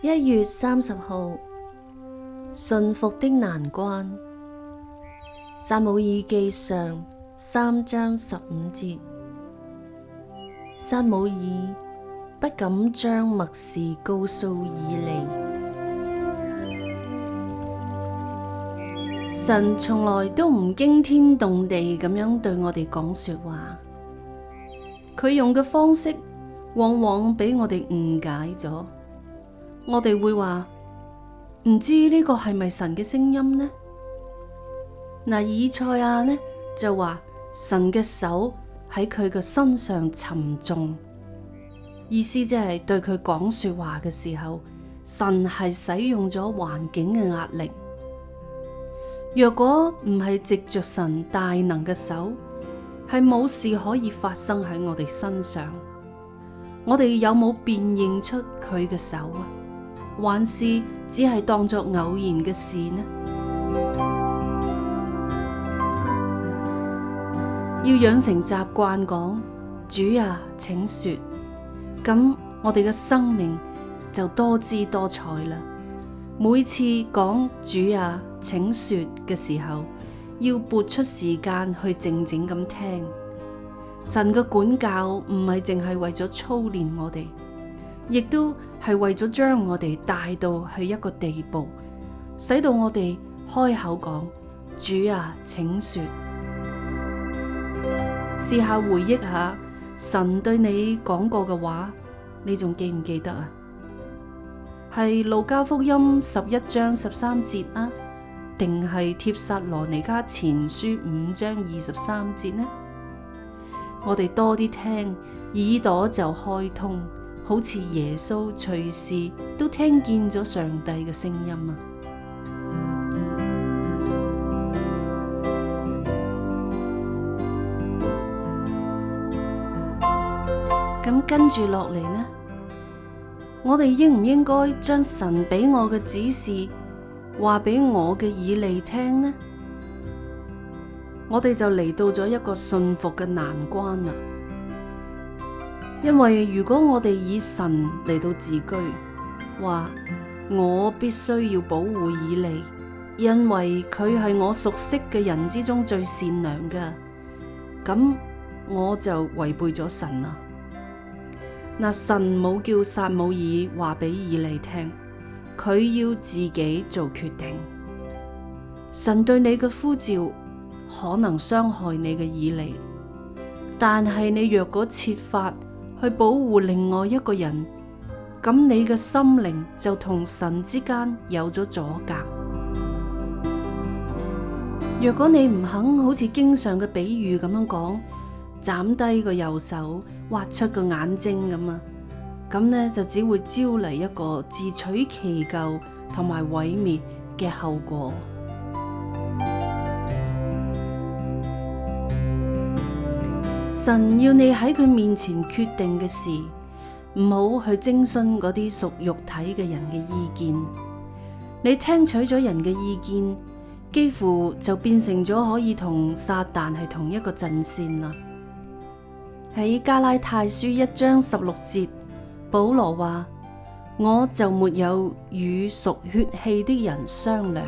一月三十號，順服的難關。撒母耳記上三章十五節，撒母耳不敢將默示告訴以利，神從來都唔驚天動地咁樣對我哋講說話。佢用嘅方式，往往俾我哋誤解咗。我哋會話唔知呢個係咪神嘅聲音呢？嗱，以賽亞呢就話神嘅手喺佢嘅身上沉重，意思即係對佢講說話嘅時候，神係使用咗環境嘅壓力。若果唔係藉着神大能嘅手。係冇事可以發生喺我哋身上，我哋有冇辨認出佢嘅手啊？還是只係當作偶然嘅事呢？要養成習慣講主啊，請說，咁我哋嘅生命就多姿多彩啦。每次講主啊，請說嘅時候。要撥出時間去靜靜咁聽神嘅管教，唔係淨係為咗操練我哋，亦都係為咗將我哋帶到去一個地步，使到我哋開口講：主啊，請說。試下回憶下神對你講過嘅話，你仲記唔記得啊？係路加福音十一章十三節啊。定係帖撒羅尼加前書五章二十三節呢？我哋多啲聽，耳朵就開通，好似耶穌隨時都聽見咗上帝嘅聲音啊！咁、嗯嗯嗯嗯、跟住落嚟呢？我哋應唔應該將神俾我嘅指示？話畀我嘅以利聽呢？我哋就嚟到咗一個信服嘅難關啦。因為如果我哋以神嚟到自居，話我必須要保護以利，因為佢係我熟悉嘅人之中最善良嘅，咁我就違背咗神啦。嗱，神冇叫撒母耳話俾以利聽。佢要自己做決定。神對你嘅呼召可能傷害你嘅耳力，但係你若果設法去保護另外一個人，咁你嘅心靈就同神之間有咗阻隔。若果你唔肯，好似經常嘅比喻咁樣講，斬低個右手，挖出個眼睛咁啊！咁呢，就只會招嚟一個自取其咎同埋毀滅嘅後果。神要你喺佢面前決定嘅事，唔好去徵詢嗰啲屬肉體嘅人嘅意見。你聽取咗人嘅意見，幾乎就變成咗可以同撒旦係同一個陣線啦。喺加拉太書一章十六節。保羅話：我就沒有與屬血氣的人商量。